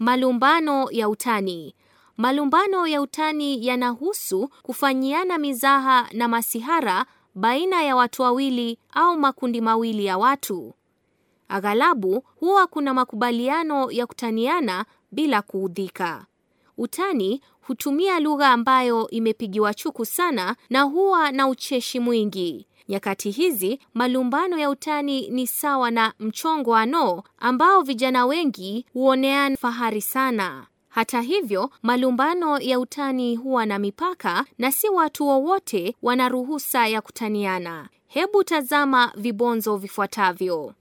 Malumbano ya utani. Malumbano ya utani yanahusu kufanyiana mizaha na masihara baina ya watu wawili au makundi mawili ya watu. Aghalabu huwa kuna makubaliano ya kutaniana bila kuudhika. Utani hutumia lugha ambayo imepigiwa chuku sana na huwa na ucheshi mwingi. Nyakati hizi malumbano ya utani ni sawa na mchongo noo ambao vijana wengi huoneana fahari sana. Hata hivyo, malumbano ya utani huwa na mipaka na si watu wowote wana ruhusa ya kutaniana. Hebu tazama vibonzo vifuatavyo.